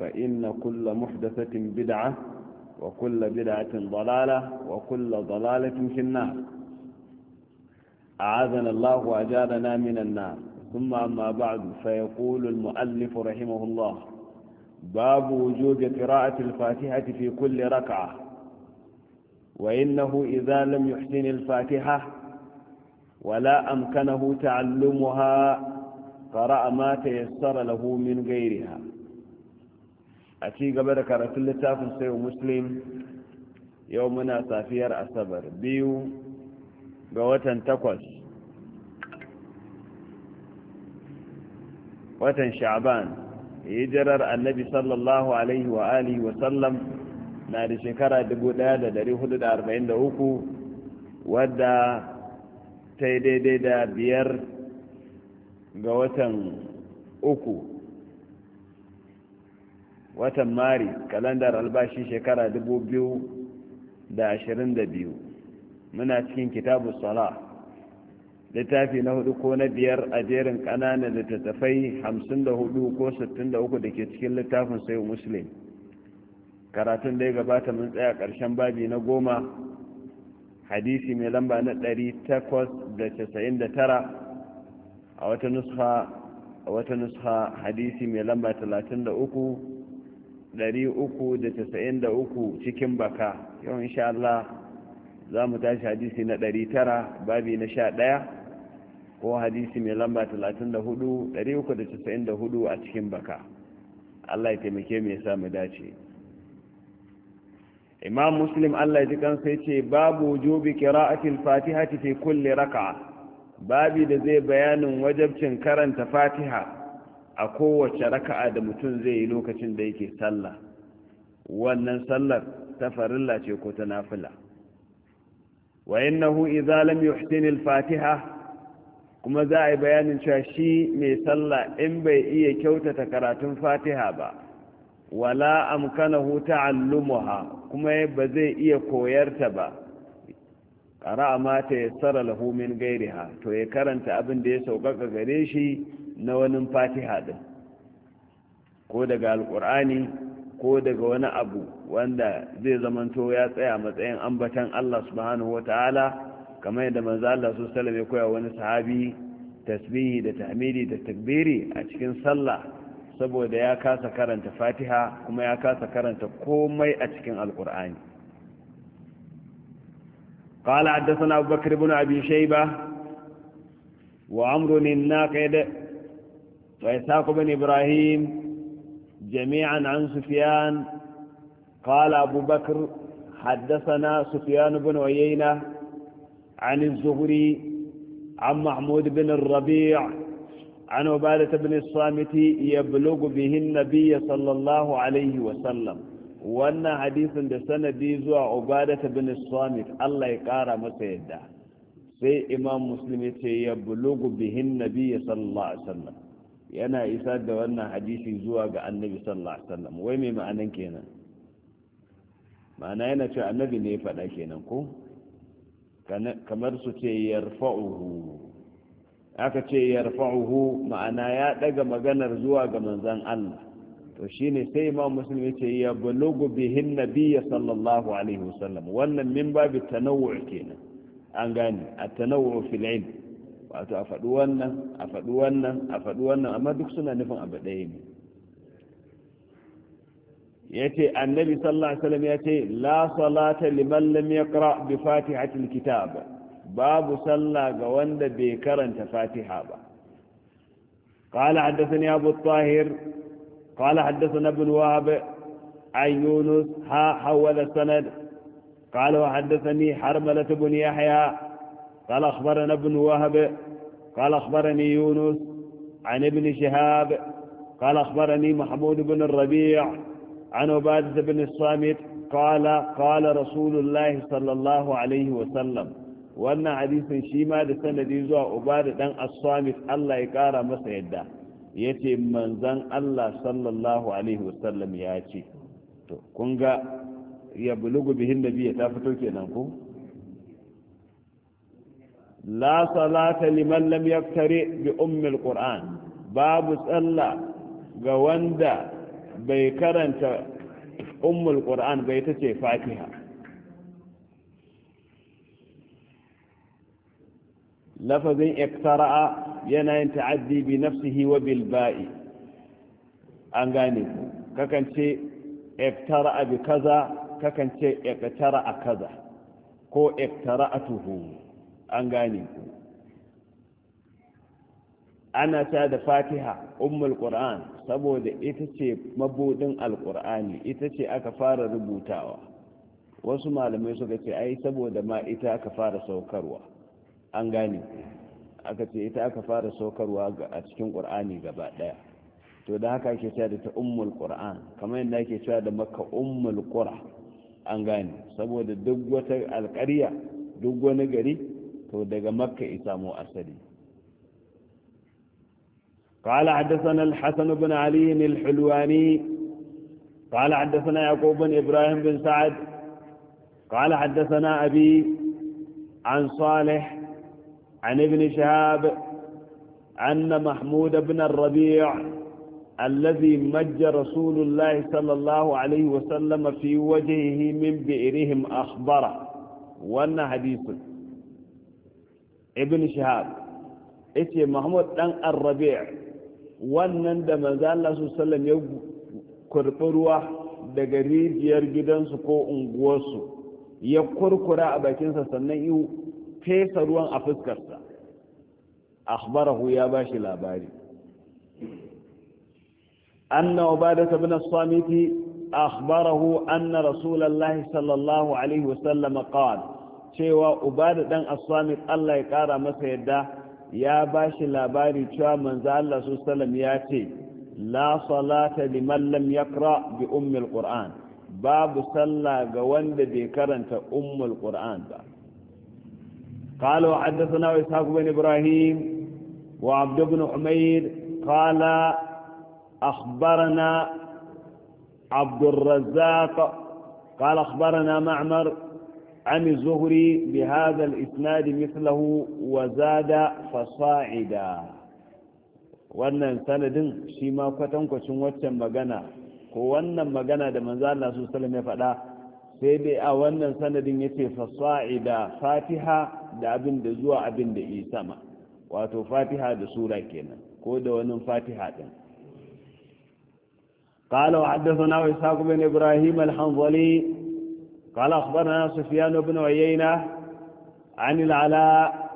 فإن كل محدثة بدعة وكل بدعة ضلالة وكل ضلالة في النار أعاذنا الله وأجارنا من النار ثم أما بعد فيقول المؤلف رحمه الله باب وجوب قراءة الفاتحة في كل ركعة وإنه إذا لم يحسن الفاتحة ولا أمكنه تعلمها قرأ ما تيسر له من غيرها a ci gaba da karatun littafin sayo muslim yau muna safiyar asabar biyu ga watan takwas watan sha'ban hijirar annabi sallallahu alaihi wa alihi wa sallam na da shekara 1443 wadda ta yi daidai da biyar ga watan uku watan mari kalandar albashi shekara 2022 muna cikin kitabu sala littafi na hudu ko na biyar a jerin kananan littattafai 54 ko 63 da ke cikin littafin sai muslim karatun da ya gabata mun tsaya karshen babi na goma hadisi mai lamba na 899 casa'in da tara a wata nusha hadisi mai lamba 33 393 cikin baka yau insha Allah za mu tashi hadisi na 900 babi na 11 ko hadisi mai lamba 34 394 a cikin baka Allah ya taimake mai ya samu dace imam muslim Allah ya ji kansa ce babu wujubi qira'atil fatihati fi kulli raka babi da zai bayanin wajabcin karanta fatiha a kowace raka'a da mutum zai yi lokacin da yake sallah wannan sallar ta farilla ce ko ta nafila wa innahu idza lam yuhsin al-fatiha kuma za a yi bayanin cewa shi mai sallah in bai iya kyautata karatun fatiha ba wala amkanahu ta'allumuha kuma ba zai iya koyarta ba qara'a ma ta yassara lahu min gairiha to ya karanta abin da ya sauƙaƙa gare shi na wani fatiha din ko daga alkur'ani ko daga wani abu wanda zai zamanto ya tsaya matsayin ambatan Allah subhanahu wata'ala kamar yadda manzo Allah su ya koya wani sahabi tasbihi da tahmidi da takbiri a cikin sallah saboda ya kasa karanta fatiha kuma ya kasa karanta komai a cikin alkur'ani قال حدثنا أبو بكر بن أبي شيبة وعمر الناقد وإسحاق بن إبراهيم جميعا عن سفيان قال أبو بكر حدثنا سفيان بن عيينة عن الزهري عن محمود بن الربيع عن عبادة بن الصامت يبلغ به النبي صلى الله عليه وسلم وأن حديث دسنة ديزو عبادة بن الصامت الله يقارى مسيدة سي إمام مسلم يبلغ به النبي صلى الله عليه وسلم yana isa da wannan hadisi zuwa ga annabi sallallahu alaihi wasallam wai mai ma'anan kenan ma'ana yana cewa annabi ne ya faɗa kenan ko kamar su ce yarfa'uhu aka ce yarfa'uhu ma'ana ya daga maganar zuwa ga manzon Allah to shine sai imam muslim ya ce ya balugu bihin nabiyya sallallahu alaihi wasallam wannan min babu tanawwu kenan an gane at-tanawwu fil ilm wato a faɗi wannan a faɗi wannan a faɗi wannan amma duk suna nufin abu ɗaya ne ya ce annabi sallallahu alaihi wasallam ya ce la salata liman lam yaqra bi fatihati alkitab babu sallah ga wanda bai karanta fatiha ba قال حدثني أبو الطاهر قال حدثنا ابن وهب عن يونس ها حول السند قال وحدثني حرملة بن يحيى قال أخبرنا ابن وهب قال أخبرني يونس عن ابن شهاب قال أخبرني محمود بن الربيع عن عبادة بن الصامت قال قال رسول الله صلى الله عليه وسلم wannan hadisin shi ma da sanadi zuwa ubada dan as-samit Allah ya kara masa yadda yace manzan Allah sallallahu alaihi wasallam ya ce to kun ga ya bulugu bihin ta fito kenan la salata liman lam yaktari bi ummil qur'an babu tsalla ga wanda bai karanta ummul qur'an bai ta ce fatiha lafazin iktara'a yana yin ta'addi bi nafsihi wa ba'i an gane kakan ce iktara'a bi kaza kakan ce a kaza ko iktara'atuhu an gane ku ana ta da fatiha ummul qur'an saboda ita ce mabudin alqur'ani ita ce aka fara rubutawa wasu malamai suka ce ai saboda ma ita aka fara saukarwa an gane ku aka ce ita aka fara saukarwa a cikin qur'ani gaba daya to da haka ake cewa da ta ummul qur'an kamar yadda ake cewa da maka ummul qura an gane saboda duk wata alƙarya duk wani gari to daga makka ya asali قال حدثنا الحسن بن علي الحلواني قال حدثنا يعقوب بن إبراهيم بن سعد قال حدثنا أبي عن صالح عن ابن شهاب أن محمود بن الربيع الذي مج رسول الله صلى الله عليه وسلم في وجهه من بئرهم أخبره وأن حديثه ibn shihab yace mahmud dan ar wannan da manzo Allah sallallahu ya kurbi ruwa daga rijiyar gidansu ko unguwarsu ya kurkura a bakinsa sannan yi fesa ruwan a fuskarsa akhbarahu ya bashi labari anna ubadatu ibn as-samiti akhbarahu anna rasulullahi sallallahu alaihi wasallam qala cewa ubada dan aswamit Allah ya ƙara masa yadda ya bashi labari cewa manzo Allah su sallam ya ce la salata liman lam yaqra bi ummil qur'an babu sallah ga wanda bai karanta ummul qur'an ba قال وحدثنا إسحاق بن إبراهيم وعبد بن حمير قال أخبرنا عبد الرزاق قال أخبرنا معمر عن الزهري بهذا الإسناد مثله وزاد فصاعدا wannan sanadin shi ma kwatankwacin waccan magana ko wannan magana da manzo Allah su sallam ya faɗa sai dai a wannan sanadin yace fasaida fatiha da abin da zuwa abin da yi sama wato fatiha da sura kenan ko da wani fatiha din قال وحدثنا إسحاق بن إبراهيم الحنظلي قال أخبرنا سفيان بن عيينة عن العلاء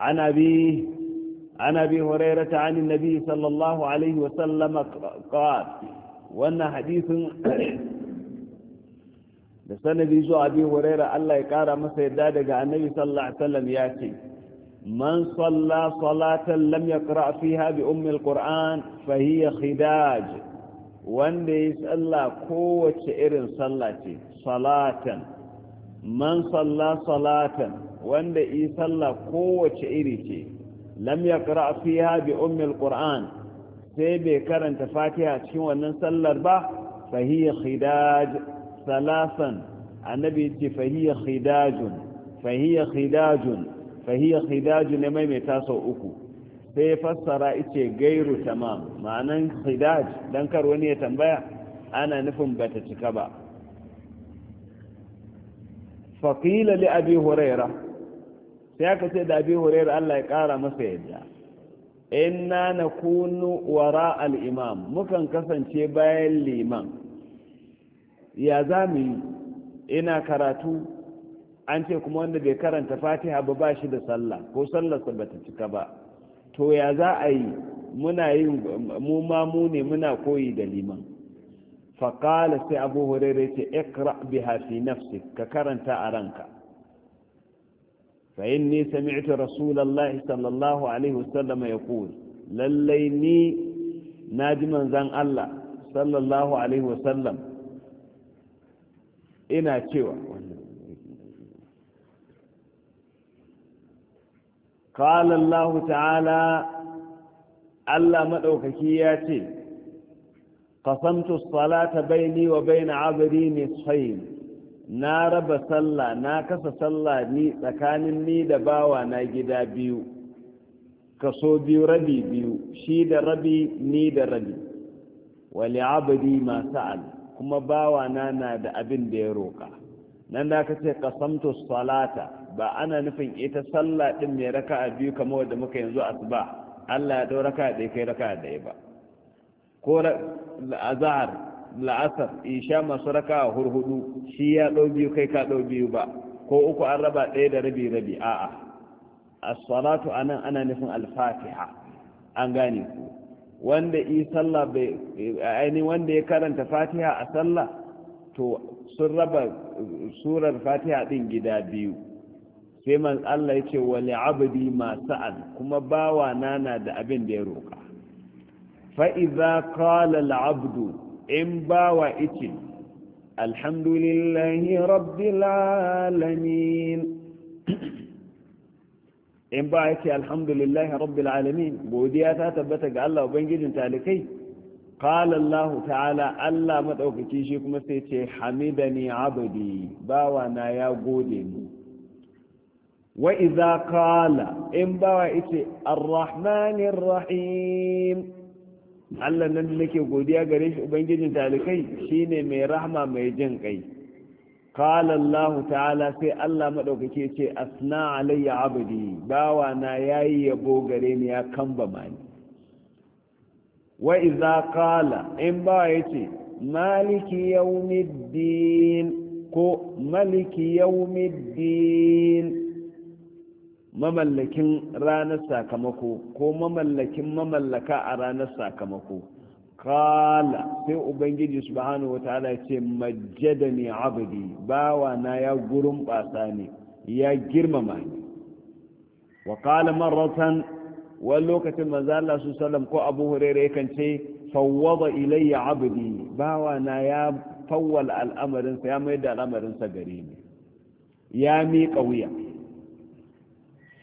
عن أبيه عن أبي هريرة عن النبي صلى الله عليه وسلم قال وأن حديث da sanadi zuwa abi huraira Allah ya kara masa yadda daga annabi sallallahu alaihi wasallam ya ce man salla salatan lam yaqra fiha bi ummi alquran fa khidaj wanda ya salla kowace irin sallaci. salatan man salla salatan wanda yi salla kowace iri ce lam ya ƙara fiha bi ummil qur'an sai bai karanta fatiha cikin wannan sallar ba fahiyya khidaj salasan annabi ce fahiyya khidajun fahiyya khidajun fahiyya khidajun ne mai sau uku sai fassara ice gairu tamam ma'anan khidaj dan kar wani ya tambaya ana nufin bata cika ba faƙila li abi huraira sai aka ce da abi huraira Allah ya ƙara masa yadda inna na kunu wara al'imam mukan kasance bayan liman ya za mu yi ina karatu an ce kuma wanda bai karanta fatiha ba ba shi da sallah ko sallarsa ba ta cika ba to ya za a yi muna yin mu ma mu ne muna koyi da liman faƙala sai abu hurairu ce ikra biha fi nafsi ka karanta a ranka fa'in ni sami'tu rasulallah sallallahu alaihi wasallam ya kuli lallai ni na ji manzan Allah sallallahu alaihi wasallam ina cewa قال الله تعالى Allah maɗaukaki ya ce qasamtu as-salata bayni wa baina 'abdi nisfayn na raba sallah na kasa sallah ni tsakanin ni da bawa na gida biyu kaso biyu rabi biyu shi da rabi ni da rabi wali abdi ma sa'al kuma bawa na na da abin da ya roka nan da aka ce qasamtu salata ba ana nufin ita sallah din mai raka'a biyu kamar wanda muka yanzu asuba Allah ya dau raka'a ɗaya kai raka'a ɗaya ba ko zahar la'asar isha masu raka a hurhudu shi ya ɗau biyu kai ka ɗau biyu ba ko uku an raba ɗaya da rabi rabi a'a asalatu a anan ana nufin al an gane ku wanda yi sallah bai ainihin wanda ya karanta fatiha a sallah to sun raba uh, surar fatiha ɗin gida biyu sai man Allah ya ce wa li'abdi ma sa'al kuma bawa nana da abin da ya roka fa'iza kala al'abdu in ba wa ice alhamdulillahi rabbil in ba yake alhamdulillahi rabbil alamin godiya ta tabbata ga Allah ubangijin talikai qala Allah ta'ala Allah madaukaki shi kuma sai ce hamidani abdi bawa na ya gode ni wa idza qala in bawa yace arrahmanir rahim Allah nan nake godiya gare shi ubangijin talikai shine mai rahma mai jin kai qala Allah ta'ala sai Allah madaukake ce asna alayya abdi bawa na yayi yabo gare ni ya kamba mani wa idza qala in ba yace maliki yawmiddin ko maliki yawmiddin mamallakin ranar sakamako ko mamallakin mamallaka a ranar sakamako kala sai ubangiji subhanahu wa ta'ala ce majjada ne abadi bawa na ya gurin ne ya girmama ne wa kala marratan wani lokacin manzo Allah su ko Abu Hurairah kan ce fawwada ilayya abdi bawa na ya fawwal al'amarinsa. ya mai da al'amarinsa gare ni ya miƙa wuya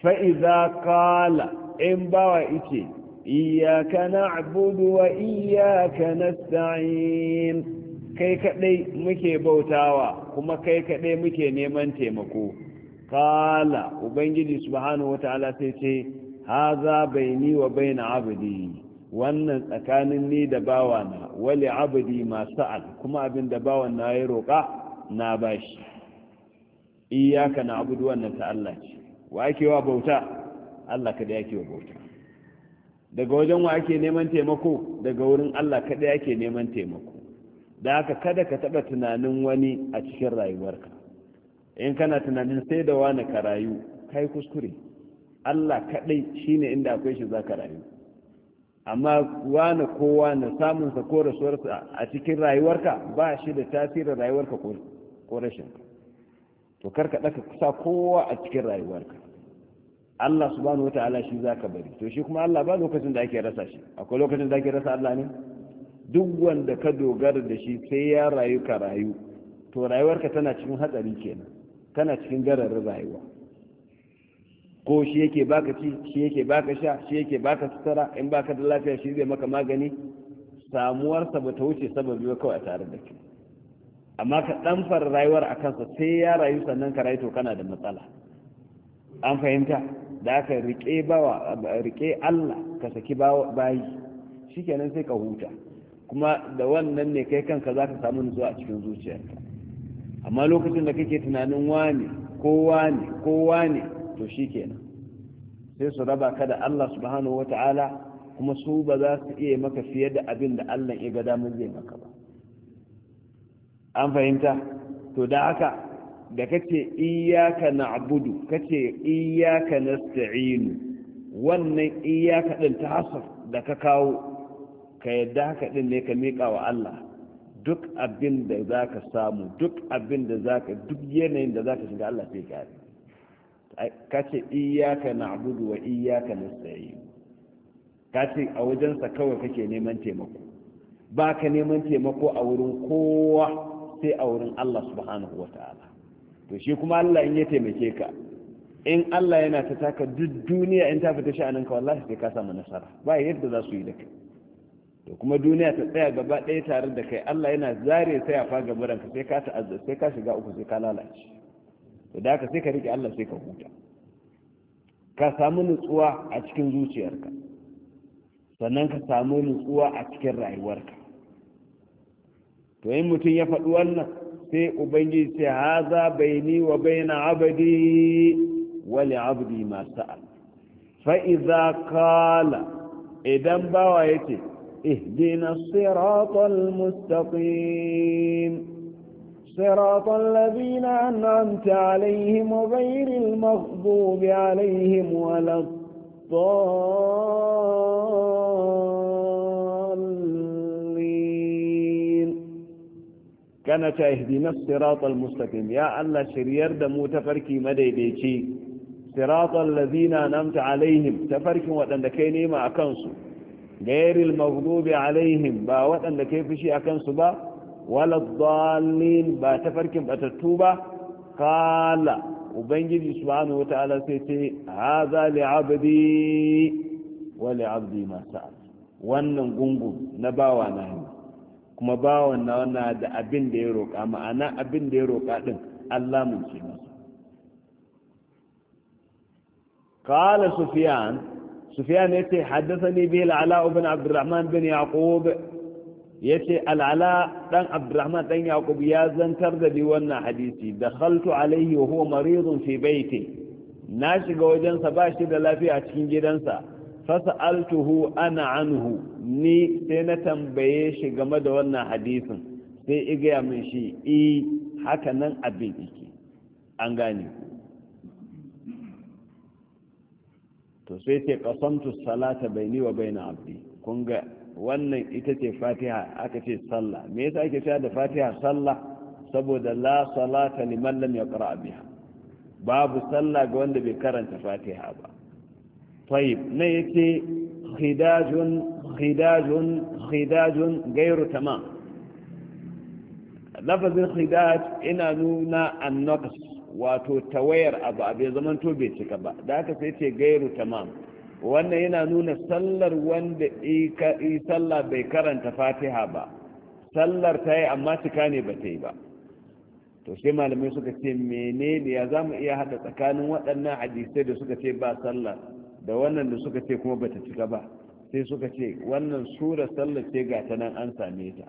fa'iza Qala, in bawa ice iyaka na'budu wa nasta'in kai kadai muke bautawa kuma kai kadai muke neman taimako Qala ubangiji subhanahu wataala sai ce haza baini wa baina abdi wannan tsakanin ni da bawana wali abdi ma sa'al kuma abin da bawan na ya roƙa na bashi iyaka na wannan ta Allah ce wa ake wa bauta Allah kada yake wa bauta daga wajen wa ake neman taimako daga wurin Allah kada yake neman taimako da haka kada ka taɓa tunanin wani a cikin rayuwarka in kana tunanin sai da wani ka rayu kai kuskure Allah kaɗai shine inda akwai shi za ka rayu amma wani kowa na samunsa ko rasuwarsa a cikin rayuwarka ba shi da tasirin rayuwarka ko rashinka to karka ɗaka kusa kowa a cikin rayuwarka Allah subhanahu wata'ala shi zaka bari to shi kuma Allah ba lokacin da ake rasa shi akwai lokacin da ake rasa Allah ne duk wanda ka dogara da shi sai ya rayu ka rayu to rayuwarka tana cikin hatsari kenan tana cikin gararin rayuwa ko shi yake baka ci shi yake baka sha shi yake baka sutura in baka da lafiya shi zai maka magani samuwarsa ba ta wuce sababi ba kawai a tare da kai amma ka dan fara rayuwar a kansa sai ya rayu sannan ka rayu to kana da matsala an fahimta da aka rike bawa Allah ka saki bayi shikenan sai ka huta kuma da wannan ne kai kanka za ka samu nutsuwa a cikin zuciyarka amma lokacin da kake tunanin wani kowa ne kowa ne to shikenan sai su raba ka da Allah subhanahu wata'ala kuma su ba za su iya maka fiye da abin da Allah ya ga damar zai maka ba an fahimta to da haka da kace iyyaka na'budu kace iyyaka nasta'inu wannan iyyaka din ta hasaf da ka kawo ka yadda haka din ne ka miƙa wa Allah duk abin da zaka samu duk abin da zaka duk yanayin da zaka shiga Allah sai ka kace iyyaka na'budu wa iyyaka nasta'inu kace a wajensa kawai kake neman taimako baka neman taimako a wurin kowa sai a wurin Allah subhanahu wa to shi kuma Allah in ya taimake ka in Allah yana ta taka duk duniya in ta fita sha'aninka wallahi sai ka samu nasara ba yadda za su yi da kai to kuma duniya ta tsaya gaba ɗaya tare da kai Allah yana zare sai ya fa buran ka sai ka ta'azza sai ka shiga uku sai ka lalace to da haka sai ka rike Allah sai ka huta ka samu nutsuwa a cikin zuciyarka sannan ka samu nutsuwa a cikin rayuwarka to in mutum ya faɗi wannan sai ubangiji ce haza baini wa baina abdi wa li abdi ma sa'al fa idza qala idan bawa yace ihdina siratal mustaqim صراط الذين أنعمت عليهم غير المغضوب عليهم ولا الضالين kana ta ihdinas siratal mustaqim ya Allah shiryar da mu tafarki madaidaici siratal ladina namta alaihim tafarkin waɗanda kai nema a kansu gairil maghdubi alaihim ba waɗanda kai fushi a kansu ba wala dallin ba tafarki batattu ba qala ubangiji subhanahu wataala sai ce hadha li abdi wa li abdi ma sa'al wannan gungun na bawa na kuma bawan na wana da abin da ya roƙa ma'ana abin da ya roƙa ɗin Allah mun ce masa Sufiyan sufyan sufyan yace haddathani bihi al-ala abdurrahman bin yaqub ya ce al'ala dan abdurrahman dan yaqub ya zantar da bi wannan hadisi da khaltu alayhi wa huwa maridun fi baiti na shiga wajensa ba shi da lafiya a cikin gidansa fasa'altuhu ana anhu ni sai na tambaye shi game da wannan hadisin sai igaya min shi i e, haka nan abin yake an gane to sai ce kasantu salata baini wa baina abdi kun ga wannan ita ce fatiha aka ce sallah me yasa ake cewa da fatiha sallah saboda la salata liman lam yaqra biha babu sallah ga wanda bai karanta fatiha ba طيب نيتي خداج خداج خداج غير تمام lafazin khidaj ina nuna annox wato tawayar abu abu zamanto bai cika ba da aka sai ce gairu tamam wannan yana nuna sallar wanda yi sallah bai karanta fatiha ba sallar ta yi amma cika ne ba ta ba to sai malamai suka ce menene ya za mu iya hada tsakanin waɗannan hadisai da suka ce ba sallar da wannan da suka ce kuma bata cika ba sai suka ce wannan sura sallar ce ga ta nan an same ta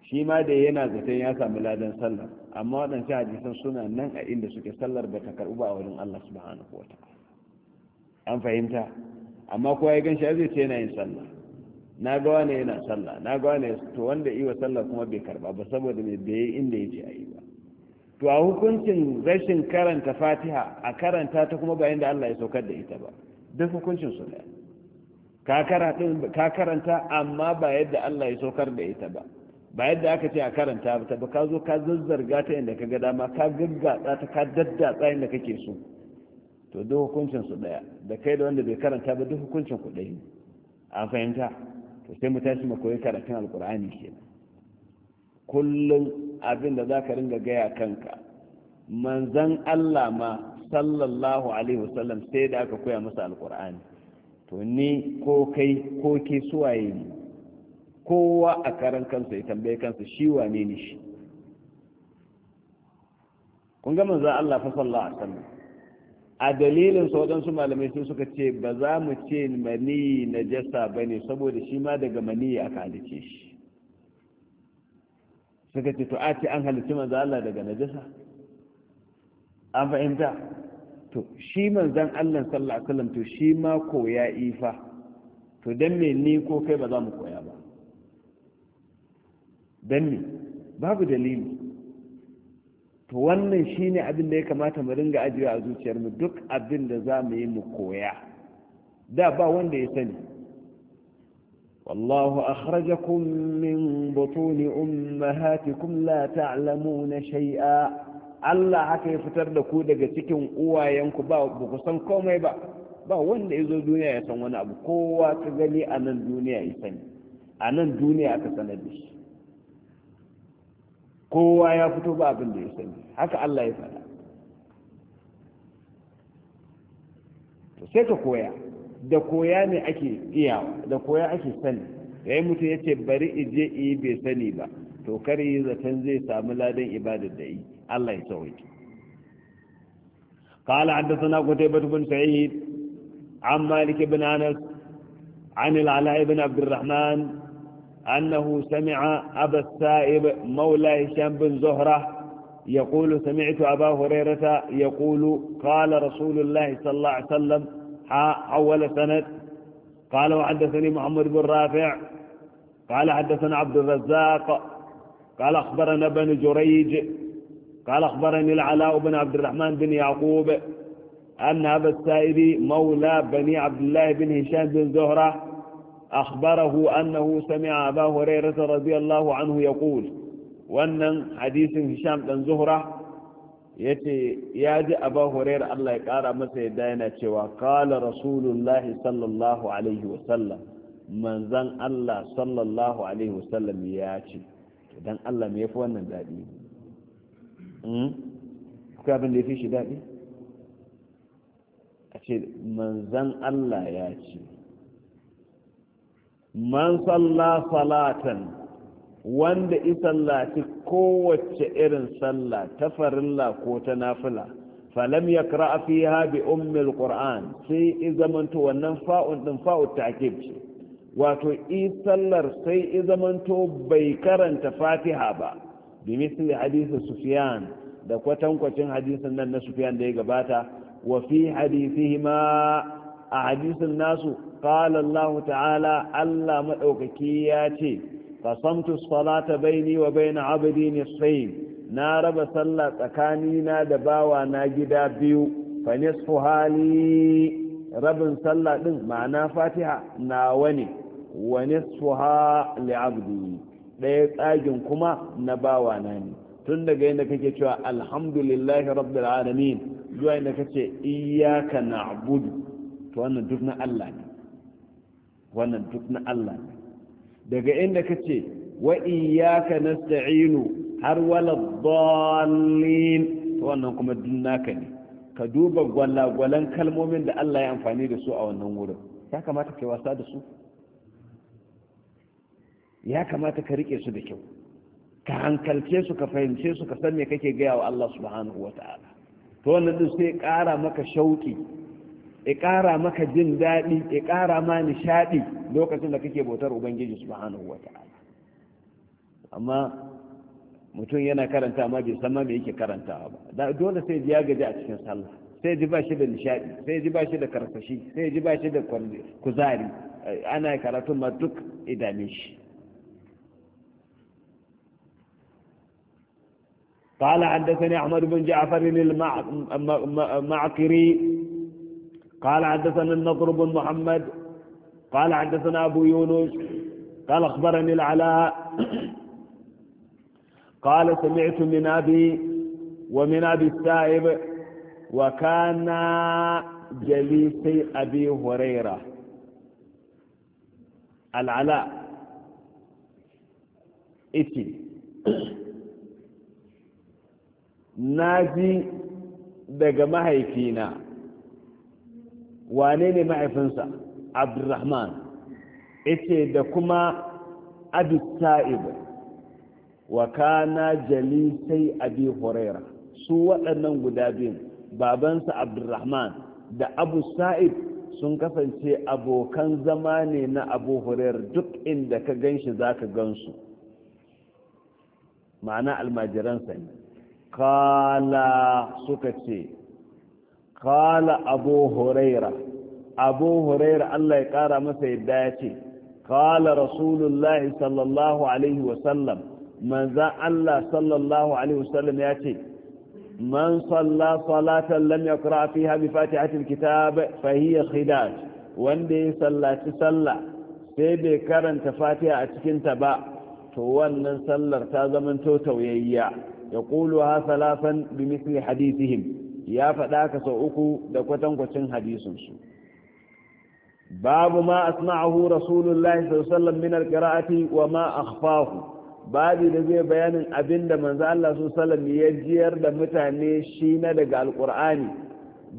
shi ma da yana zaton ya sami ladan sallar amma waɗansu hadisan suna nan a inda suke sallar bata ta karɓu ba a wurin Allah subhanahu wa an fahimta amma kowa ya ganshi zai ce yana yin sallah na ga wani yana sallah na ga wani to wanda iwa sallah kuma bai karba ba saboda mai bai inda ya ce a ba to a hukuncin rashin karanta fatiha a karanta ta kuma bayan da Allah ya saukar da ita ba duk hukuncin su ne ka karanta amma ba yadda Allah ya saukar da ita ba ba yadda aka ce a karanta ba ba ka zo ka zazzarga ta inda ka ga dama ka gaggatsa ta ka daddatsa inda kake so to duk hukuncin su daya da kai da wanda bai karanta ba duk hukuncin ku dai an fahimta to sai mu tashi mu koyi karatun alkur'ani kenan kullum abin da zaka ringa gaya kanka manzan Allah ma sallallahu alaihi wasallam sai da aka koya masa alkur'ani to ni ko kai ko ke suwaye ne kowa a karan kansa ya tambaye kansa shi wane ne shi kun ga manzo Allah fa sallallahu alaihi wasallam a dalilin sa waɗansu malamai su suka ce ba za mu ce mani najasa bane saboda shi ma daga mani aka halice shi suka ce to a ce an halici manzo Allah daga najasa an fahimta to shi manzan Allah sallallahu alaihi wasallam to shi ma koya ifa to dan me ni ko kai ba za mu koya ba dan me babu dalili to wannan shine abin da ya kamata mu ringa ajiyewa a zuciyar mu duk abin da za mu yi mu koya da ba wanda ya sani والله أخرجكم من بطون أمهاتكم لا تعلمون شيئا Allah haka ya fitar da ku daga cikin uwayenku ba ba ku san komai ba ba wanda ya zo duniya ya san wani abu kowa ka gani a nan duniya ya sani a nan duniya aka sanar da shi kowa ya fito ba abin da ya sani haka Allah ya faɗa to sai ka koya da koya ne ake iyawa da koya ake sani yayin mutum ya ce bari ije yi bai sani ba to kar yi zaton zai samu ladan ibadar da yi الله يسويك قال حدثنا قتيبة بن سعيد عن مالك بن أنس عن العلاء بن عبد الرحمن أنه سمع أبا السائب مولى هشام بن زهرة يقول سمعت أبا هريرة يقول قال رسول الله صلى الله عليه وسلم ها أول سند قال وحدثني محمد بن رافع قال حدثنا عبد الرزاق قال أخبرنا بن جريج قال أخبرني العلاء بن عبد الرحمن بن يعقوب أن أبا السائري مولى بني عبد الله بن هشام بن زهرة أخبره أنه سمع أبا هريرة رضي الله عنه يقول وأن حديث هشام بن زهرة يتي ياد أبا هريرة الله يقار مسيدانا وقال رسول الله صلى الله عليه وسلم من ذن الله صلى الله عليه وسلم ياتي اذا الله ميفو أن ذلك Hmm? akwai abin da ya fi shi daɗi a ce manzan Allah ya ce man salla salatan wanda isallaci kowace irin sallah ta farilla ko ta nafila falam ya kira fi bi ummil qur'an sai i zamanto wannan fa'un din fa'u wato i sallar sai i izamanto bai karanta fatiha ba bi hadisi sufyan da kwatankwacin hadisin nan na Sufiyan da ya gabata wa fi hadisihima a hadisin nasu qala Allah ta'ala Allah maɗaukaki ya ce qasamtu salata baini wa baina abdi sai na raba sallah tsakanina na da bawa na gida biyu fa nisfu hali rabin sallah din ma'ana fatiha nawa ne wa nisfuha li abdi ɗaya tsagin kuma na bawa na ne tun daga yadda kake cewa alhamdulillah rabbil alamin zuwa yadda kace iyyaka na'budu to wannan duk na Allah ne wannan duk na Allah ne daga inda kace wa iyyaka nasta'inu har wala dallin to wannan kuma duk naka ne ka duba gwalagwalan kalmomin da Allah ya amfani da su a wannan wurin ya kamata kai wasa da su ya kamata ka rike su da kyau ka hankalce su ka fahimce su ka san me kake gaya wa Allah subhanahu wata'ala to wannan din sai ƙara maka shauki ya ƙara maka jin daɗi ya ƙara ma nishaɗi lokacin da kake bautar ubangiji subhanahu wata'ala amma mutum yana karanta ma bai san ma me yake karantawa ba dole sai ya gaji a cikin sallah sai ji ba shi da nishadi sai ji ba shi da karfashi sai ji ba shi da kuzari ana karatun ma duk idame shi قال حدثني أحمد بن جعفر المعقري قال حدثنا النضر بن محمد قال حدثنا أبو يونس قال أخبرني العلاء قال سمعت من أبي ومن أبي السائب وكان جليس أبي هريرة العلاء اتي na ji daga mahaifina wane ne mahaifinsa abdurrahman ita da kuma abu sa'ib wa kana jalisai abi huraira su waɗannan guda biyun babansa abdurrahman da abu sa'id sun kasance abokan zama ne na abu hurairar duk inda ka ganshi za ka gansu ma'ana almajiransa ne kala suka ce kala abu huraira abu huraira Allah ya kara masa yadda ya ce kala rasulullahi sallallahu alaihi wasallam manzan Allah sallallahu alaihi wasallam ya ce man salla salatan lam yaqra fiha bi fatihatil kitab fa hiya khidaj wanda ya sallaci sallah sai bai karanta fatiha a cikin ta ba to wannan sallar ta zamanto tauyayya yaquluha thalathan bimithli hadithihim ya faɗa ka sau uku da kwatankwacin hadisin su babu ma asma'ahu rasulullahi sallallahu alaihi min wa ma akhfahu babu da zai bayanin abinda manzo Allah sallallahu alaihi wasallam ya jiyar da mutane shi na daga alqur'ani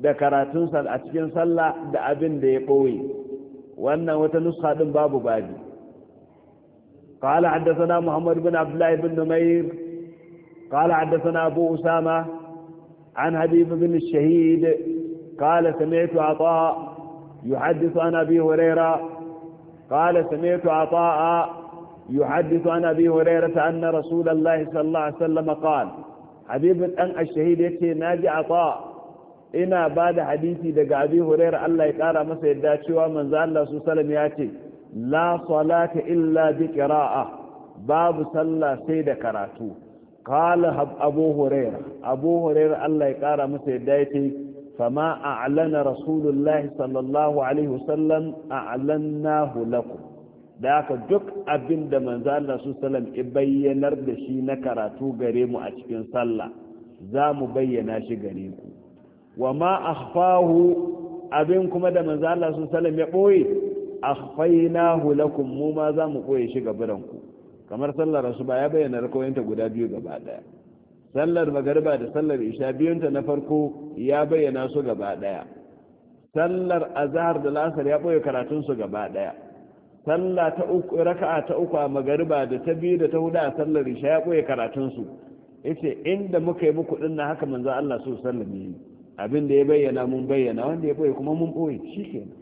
da karatunsa a cikin sallah da abin da ya ɓoye wannan wata nuska ɗin babu babu قال حدثنا محمد بن عبد الله بن نمير قال حدثنا أبو أسامة عن حبيب بن الشهيد قال سمعت عطاء يحدث عن أبي هريرة قال سمعت عطاء يحدث عن أبي هريرة أن رسول الله صلى الله عليه وسلم قال حبيب أن الشهيد يكي ناجي عطاء ina ba da hadisi daga abi huraira Allah ya kara masa yadda cewa manzo Allah su salam ya ce la salata illa bi qira'a babu sallah sai da karatu qala abu huraira abu huraira Allah ya kara masa yadda yake fama a'lana rasulullahi sallallahu alaihi wasallam a'lannahu lakum da haka duk abin da manzo Allah su sallam ya bayyanar da shi na karatu gare mu a cikin sallah za mu bayyana shi gare ku wa ma akhfahu abin kuma da manzo Allah su sallam ya boye akhfainahu mu ma za mu shi gaburan ku kamar sallar ba ya bayyana rakawoyinta guda biyu gaba daya sallar magariba da sallar isha biyunta na farko ya bayyana su gaba daya sallar azhar da lasar ya boye karatun su gaba daya sallar ta uku raka'a ta uku a magariba da ta biyu da ta hudu a sallar isha ya boye karatun su yace inda muka yi muku dinnan haka manzo Allah su sallame abin da ya bayyana mun bayyana wanda ya boye kuma mun boye shikenan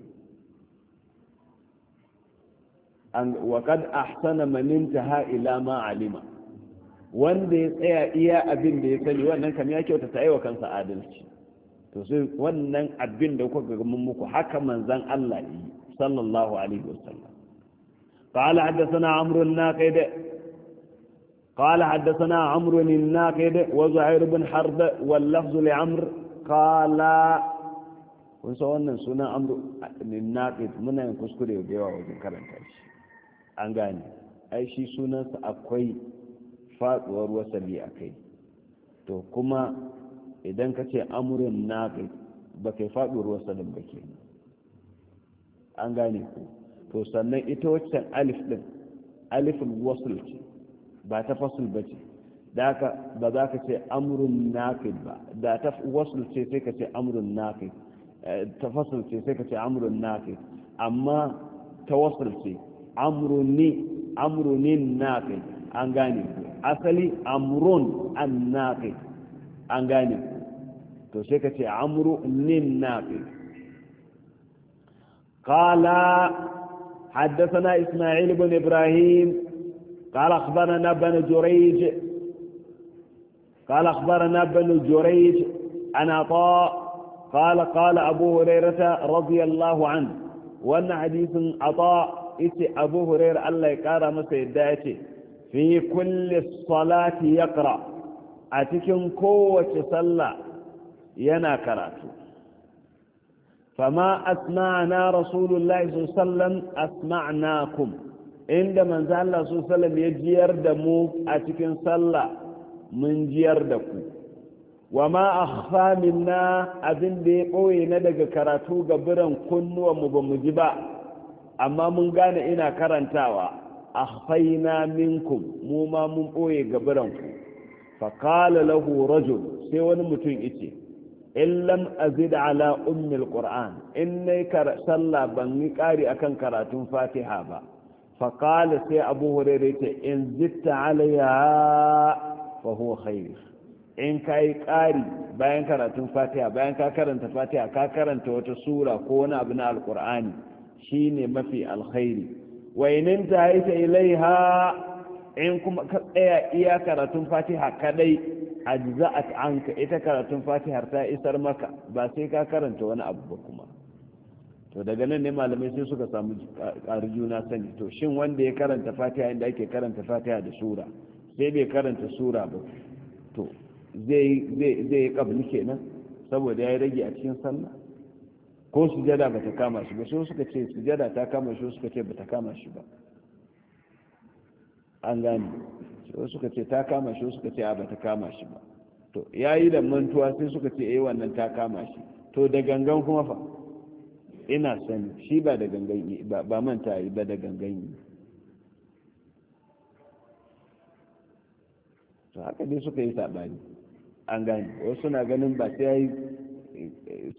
wa kad ahsana man intaha ila ma alima wanda ya tsaya iya abin da ya sani wannan kam ya kyauta ta wa kansa adalci to sai wannan abin da kuka ga muku haka manzan Allah yi sallallahu alaihi wasallam قال حدثنا عمرو الناقد قال حدثنا عمرو الناقد وزهير بن حرب واللفظ لعمرو قال kun san wannan sunan amru muna yin kuskure da yawa wajen karanta shi an gane ai shi sunansa akwai faduwar wasali a kai to kuma idan ka ce amurin na ba kai faduwar wasalin ba ke an gane ku to sannan ita waccan alif din alifin wasul ce ba ta fasul ba ce ba za ka ce amurin nafi ba da ta wasul ce sai ka ce amurin nafi eh, ta fasul ce sai ka ce amurin nafi amma ta wasul ce amrun ne amrunin nafi an gane ku asali amrun an nafi an gane ku to sai ka ce nafi حدثنا إسماعيل بن إبراهيم قال أخبرنا بن جريج قال أخبرنا بن جريج أنا عطاء قال قال أبو هريرة رضي الله عنه وأن حديث عطاء ita Abu hurair Allah ya kara masa yadda ce fi kulli salati yaqra a cikin kowace sallah yana karatu fama asma'na rasulullahi sallam asma'nakum inda manzo Allah sallam ya jiyar da mu a cikin sallah mun jiyar da ku wa ma akhfa minna abin da ya ɓoye na daga karatu ga biran kunnuwan mu ba mu ji ba amma mun gane ina karantawa akhfaina minkum mu ma mun boye gabiranku ku lahu rajul sai wani mutum ice in lam azid ala ummi qur'an in nai sallah ban yi kari akan karatun fatiha ba fakala sai abu hurairah ta in zitta alayya fa huwa khair in ka yi ƙari bayan karatun fatiha bayan ka karanta fatiha ka karanta wata sura ko wani abu na alƙur'ani shine mafi alkhairi wa inin ta ita ilaiha in kuma ka tsaya iya karatun fatiha kadai ajza'at anka ita karatun fatihar ta isar maka ba sai ka karanta wani abu ba kuma to daga nan ne malamai sai suka samu ƙari juna sani to shin wanda ya karanta fatiha inda ake karanta fatiha da sura sai bai karanta sura ba to zai yi kabli kenan saboda ya rage a cikin sallah ko sujada ba ta kama shi ba su suka ce sujada ta kama shi suka ce ba ta kama shi ba an gani so suka ce ta kama shi suka ce a ba ta kama shi ba to ya yi da mantuwa sai suka ce eh wannan ta kama shi to da gangan kuma fa ina sani shi ba da gangan yi ba manta yi ba da gangan yi to haka dai suka yi saɓani an gani wasu na ganin ba sai ya yi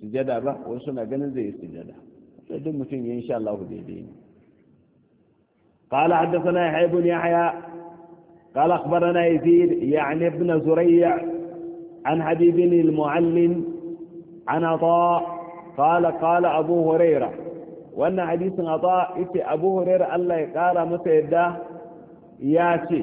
sujada ba wasu suna ganin zai yi sujada sai duk mutum ya insha Allah daidai ne قال حدثنا يحيى بن يحيى قال أخبرنا يزيد يعني ابن زريع عن حبيب المعلم عن عطاء قال قال أبو هريرة وأن حديث عطاء إتي أبو هريرة الله قال مسيدا ياتي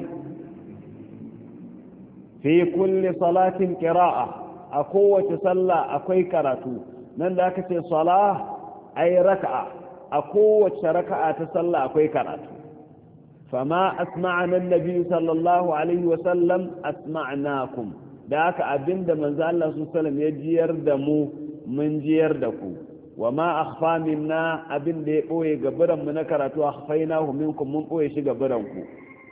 في كل صلاة قراءة a kowace sallah akwai karatu nan da aka ce salah ai raka'a a kowace raka'a ta sallah akwai karatu fama asma'ana annabi sallallahu alaihi wa sallam asma'nakum da aka abinda manzo Allah sallallahu ya jiyar da mu mun jiyar da ku wa ma akhfa minna abinda ya boye gaburan mu na karatu akhfainahu minku mun boye shi gaburan ku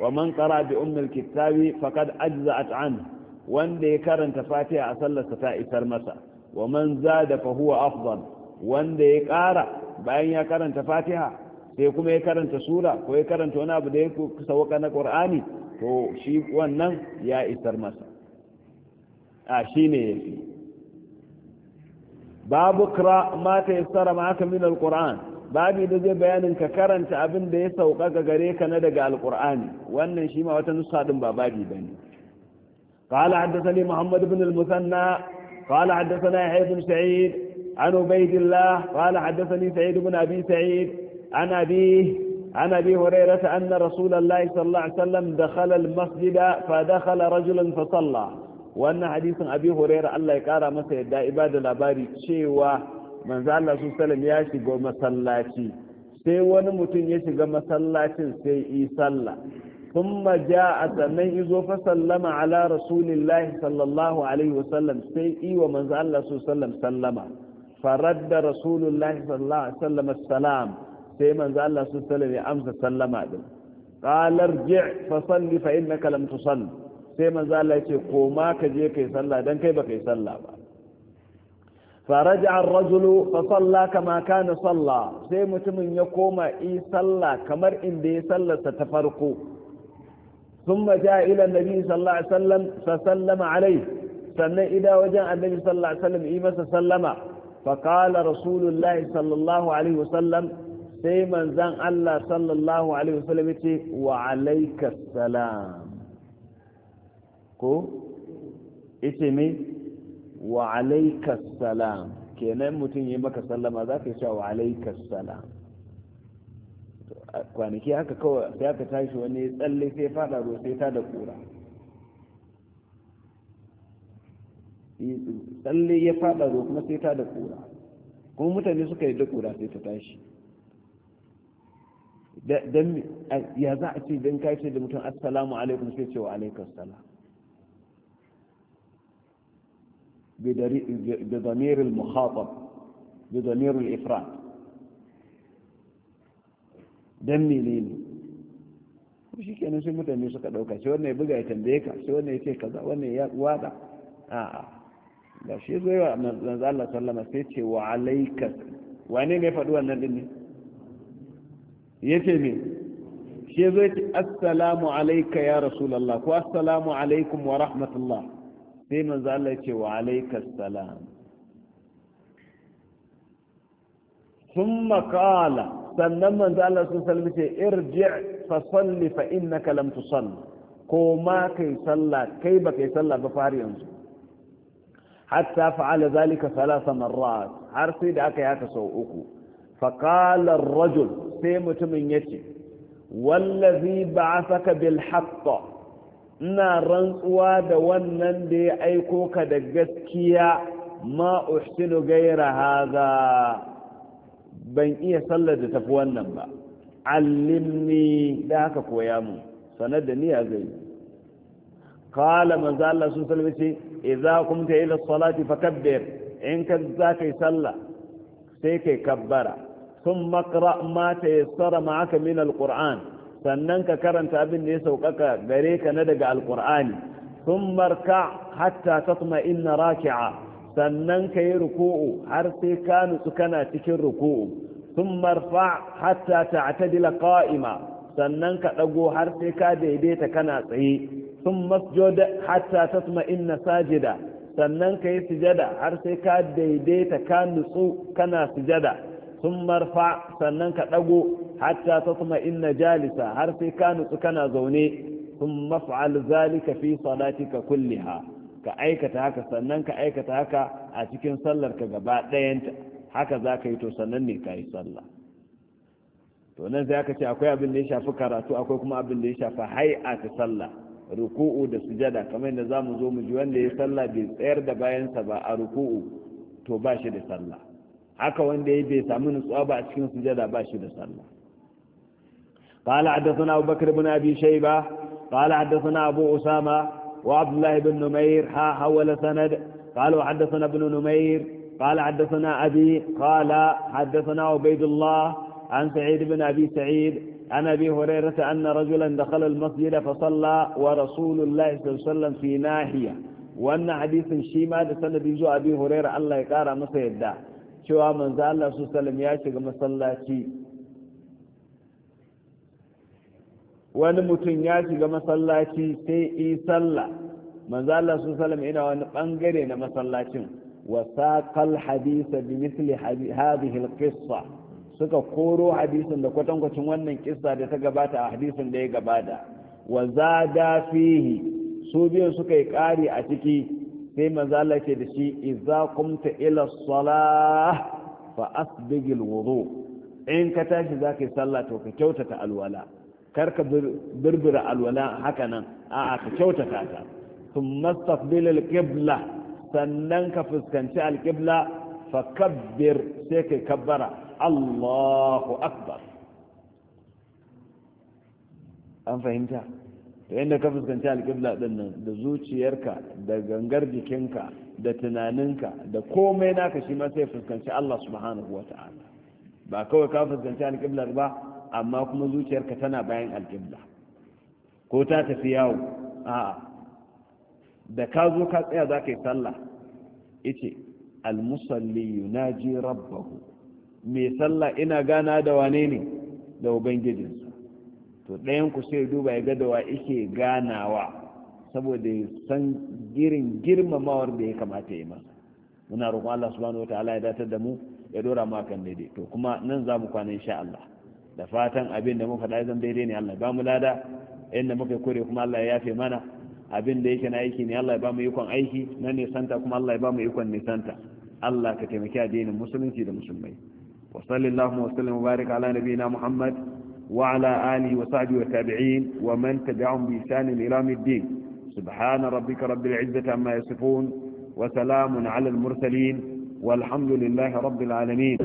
wa man qara bi ummil kitabi faqad ajza'at anhu wanda ya karanta fatiha a sallarsa ta isar masa wa man zada fa huwa afdal wanda ya ƙara bayan ya karanta fatiha sai kuma ya karanta sura ko ya karanta wani abu da ya sauka na qur'ani to shi wannan ya isar masa a babu kira ma ta yassara ma aka min alquran babu da zai bayanin ka karanta abin da ya ga gare ka na daga alƙur'ani wannan shi ma wata nusa ɗin ba babi ba ne قال حدثني محمد بن المثنى قال حدثنا يحيى بن سعيد عن عبيد الله قال حدثني سعيد بن أبي سعيد عن أبيه عن أبي هريرة أن رسول الله صلى الله عليه وسلم دخل المسجد فدخل رجل فصلى وأن حديث أبي هريرة الله يقارى مسجد إبادة الأباري شيوة من ذا الله صلى الله عليه وسلم يشيق مسلاتي sai wani mutum ya shiga masallacin sai yi sallah thumma jaa sannan izo fa sallama ala rasulillahi sallallahu alaihi wasallam sai iwa manzo Allah sallallahu sallama faradda rasulullahi sallallahu salam sai manzo Allah sallallahu amsa sallama din qala irji' fa salli fa innaka lam tusalli sai manzo Allah yace koma ka je kai sallah dan kai ba kai sallah ba فرجع الرجل فصلى كما كان صلى sai mutumin ya koma i sallah kamar inda ya sallarsa ta farko ثم جاء إلى النبي صلى الله عليه وسلم فسلم عليه سنة إذا وجاء النبي صلى الله عليه وسلم إيما سلم فقال رسول الله صلى الله عليه وسلم سيما زان الله صلى الله عليه وسلم وعليك السلام ko ita mai wa alaikassalam kenan mutum yi maka sallama za ka yi cewa wa alaikassalam kwanaki haka kawai sai aka tashi wani tsalle sai fada ruwa sai ta da kura tsalle ya fada ruwa kuma sai ta da kura kuma mutane suka yi da kura sai ta tashi don ya za a ce don ka ce da mutum assalamu alaikum sai ce wa alaikar sala zamirin بضمير المخاطب zamirin ifrat don menene shi kenan sai mutane suka ɗauka sai wannan ya buga ya tambaye ka sai wannan ya ce kaza wannan ya wada a'a ga shi zai wa manzo Allah sallama sai ce wa alaika wane ne faɗi wannan din ne yace me shi zai ce assalamu alayka ya rasulullah ko assalamu alaikum wa rahmatullah sai manzo Allah ya ce wa alaika salam sannan manzo Allah sun salmi ce irji' fa salli fa innaka lam tusalli ko ma kai sallah kai ba kai sallah ba fari yanzu hatta fa'ala zalika thalatha marrat har sai da aka yaka sau uku fa qala ar-rajul sai mutumin yace wallazi ba'athaka bil haqq ina rantsuwa da wannan da ya aiko ka da gaskiya ma uhsinu gaira hadha ban iya sallar da tafi wannan ba allimni da haka koya mu sanar da ni a zai kala manzo Allah sun salmi ce idza kumta ila salati fakabbir in ka za kai sallah sai kai kabbara sun makra ma tayassara ma'aka min alquran sannan ka karanta abin da ya saukaka gare ka na daga alqur'ani sun marka hatta tatma'inna inna raki'a sannan ka yi ruku'u har sai ka nutsu kana cikin ruku'u sun marfa hatta ta ta'tadila qa'ima sannan ka ɗago, har sai ka daidaita kana tsaye sun masjoda, hatta tasma'inna sajida sannan ka yi sujada har sai ka daidaita ka nutsu kana sujada sun marfa sannan ka ɗago, hatta na jalisa har sai ka nutsu kana zaune sun maf'al zalika fi salatika kulliha ka aikata haka sannan ka aikata haka a cikin sallar ka gaba ɗayanta haka za ka yi to sannan ne ka yi sallah to nan sai aka ce akwai abin da ya shafi karatu akwai kuma abin da ya shafi hai'a ta sallah ruku'u da sujada kamar yadda za mu zo mu ji wanda ya sallah bai tsayar da bayansa ba a ruku'u to ba shi da sallah haka wanda ya bai samu nutsuwa ba a cikin sujada ba shi da sallah قال حدثنا أبو بكر بن أبي شيبة قال حدثنا أبو أسامة وعبد الله بن نمير ها حول سند قال وحدثنا ابن نمير قال حدثنا أبي قال حدثنا عبيد الله عن سعيد بن أبي سعيد عن أبي هريرة أن رجلا دخل المسجد فصلى ورسول الله صلى الله عليه وسلم في ناحية وأن حديث شيما سند يجو أبي هريرة الله يقارى مسجد شو من زال الله صلى الله عليه وسلم صلى مصلاتي wani mutum ya shiga masallaci sai yi sallah manzo Allah su ina wani bangare na masallacin wa saqal hadisa bi misli hadhihi alqissa suka koro hadisin da kwatankwacin wannan kissa da ta gabata a hadisin da ya gabata wa zada fihi su biyan suka yi kari a ciki sai manzo Allah ce da shi idza qumta ila salah fa asbigil wudu in ka tashi zaka yi sallah to ka kyautata alwala karka birbira alwala haka nan a ka kyautata ta sun mastaqbil alqibla sannan ka fuskanci alqibla fa kabbir sai ka kabbara Allahu akbar an fahimta da yadda ka fuskanci alƙibla ɗin nan da zuciyarka da gangar jikinka da tunaninka da komai naka shi ma sai fuskanci Allah subhanahu wa ta'ala ba kawai ka fuskanci alƙiblar ba amma kuma zuciyarka tana bayan alƙibla ko ta tafi yawo a'a da ka zo ka tsaya za ka yi sallah ice almusalli yunaji rabbahu mai sallah ina gana da wane ne da ubangijinsa to ɗayan ku sai duba ya ga gadawa ike ganawa saboda san girin girmamawar da ya kamata ya masa muna roƙon Allah subhanahu wataala ya datar da mu ya dora mu akan daidai to kuma nan za mu kwana insha Allah da fatan abin da muka da zan daidai ne Allah ba mu lada inda muka kure kuma Allah ya yafe mana abin da yake na aiki ne Allah ya ba mu ikon aiki na nisanta kuma Allah ya ba mu ikon nisanta Allah ka taimaki addinin musulunci da musulmai wa sallallahu wa sallam mubarak ala nabiyina Muhammad wa ala alihi wa sahbihi wa tabi'in wa man tabi'ahum bi ihsan ila yawmiddin سبحان ربك رب العزة عما يصفون وسلام على المرسلين والحمد لله رب العالمين